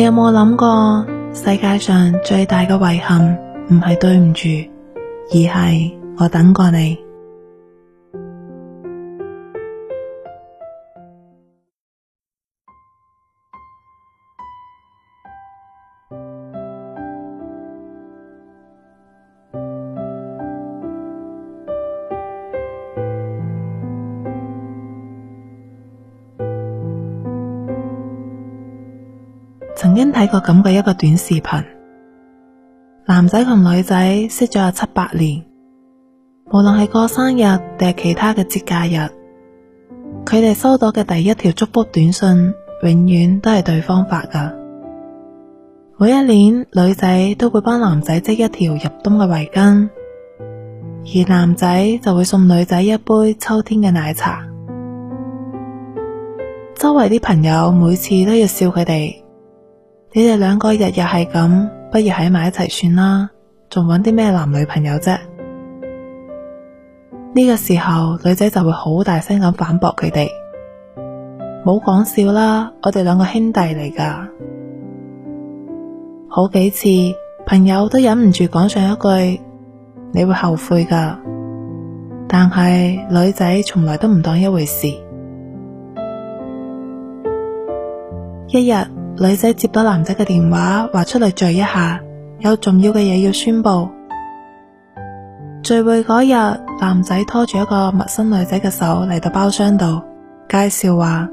你有冇諗過，世界上最大嘅遺憾，唔係對唔住，而係我等過你。曾經睇過咁嘅一個短視頻，男仔同女仔識咗有七八年，無論係過生日定係其他嘅節假日，佢哋收到嘅第一條祝福短信永遠都係對方發噶。每一年，女仔都會幫男仔織一條入冬嘅圍巾，而男仔就會送女仔一杯秋天嘅奶茶。周圍啲朋友每次都要笑佢哋。你哋兩個日日係咁，不如喺埋一齊算啦，仲搵啲咩男女朋友啫？呢個時候，女仔就會好大聲咁反駁佢哋，冇講笑啦，我哋兩個兄弟嚟噶。好幾次，朋友都忍唔住講上一句，你會後悔噶，但係女仔從來都唔當一回事。一日。女仔接到男仔嘅電話，話出嚟聚一下，有重要嘅嘢要宣布。聚會嗰日，男仔拖住一個陌生女仔嘅手嚟到包廂度，介紹話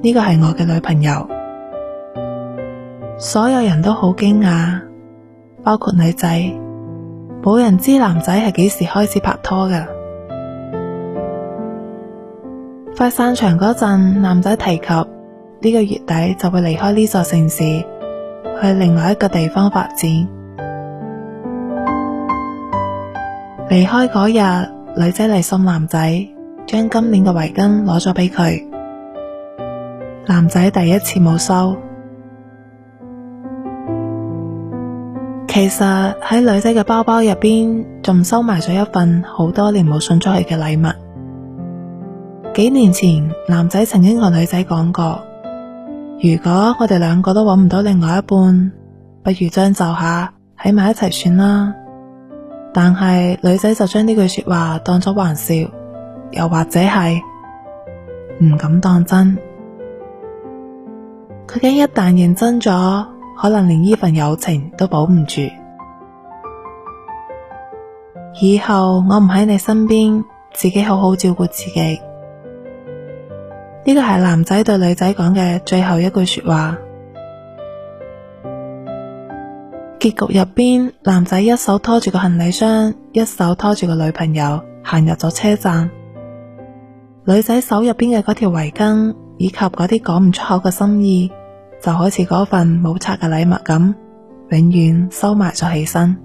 呢個係我嘅女朋友。所有人都好驚訝，包括女仔，冇人知男仔係幾時開始拍拖噶。快散場嗰陣，男仔提及。呢個月底就會離開呢座城市，去另外一個地方發展。離開嗰日，女仔嚟送男仔，將今年嘅圍巾攞咗俾佢。男仔第一次冇收。其實喺女仔嘅包包入邊，仲收埋咗一份好多年冇送出去嘅禮物。幾年前，男仔曾經同女仔講過。如果我哋兩個都揾唔到另外一半，不如將就下喺埋一齊算啦。但係女仔就將呢句說話當咗玩笑，又或者係唔敢當真。佢驚一旦認真咗，可能連呢份友情都保唔住。以後我唔喺你身邊，自己好好照顧自己。呢個係男仔對女仔講嘅最後一句說話。結局入邊，男仔一手拖住個行李箱，一手拖住個女朋友，行入咗車站。女仔手入邊嘅嗰條圍巾，以及嗰啲講唔出口嘅心意，就好似嗰份冇拆嘅禮物咁，永遠收埋咗起身。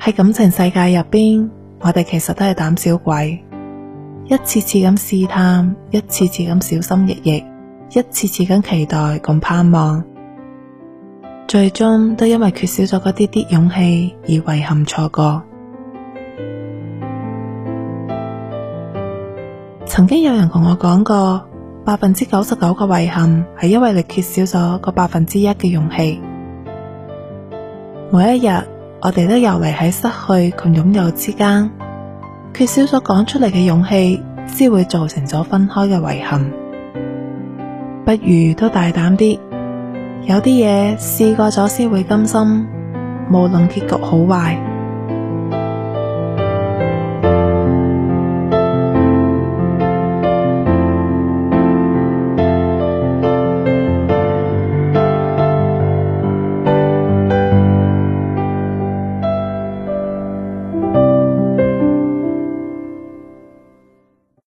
喺感情世界入邊，我哋其實都係膽小鬼。一次次咁試探，一次次咁小心翼翼，一次次咁期待同盼望，最終都因為缺少咗嗰啲啲勇氣而遺憾錯過。曾經有人同我講過，百分之九十九嘅遺憾係因為你缺少咗嗰百分之一嘅勇氣。每一日，我哋都游離喺失去同擁有之間。缺少咗講出嚟嘅勇氣，先會造成咗分開嘅遺憾。不如都大膽啲，有啲嘢試過咗先會甘心，無論結局好壞。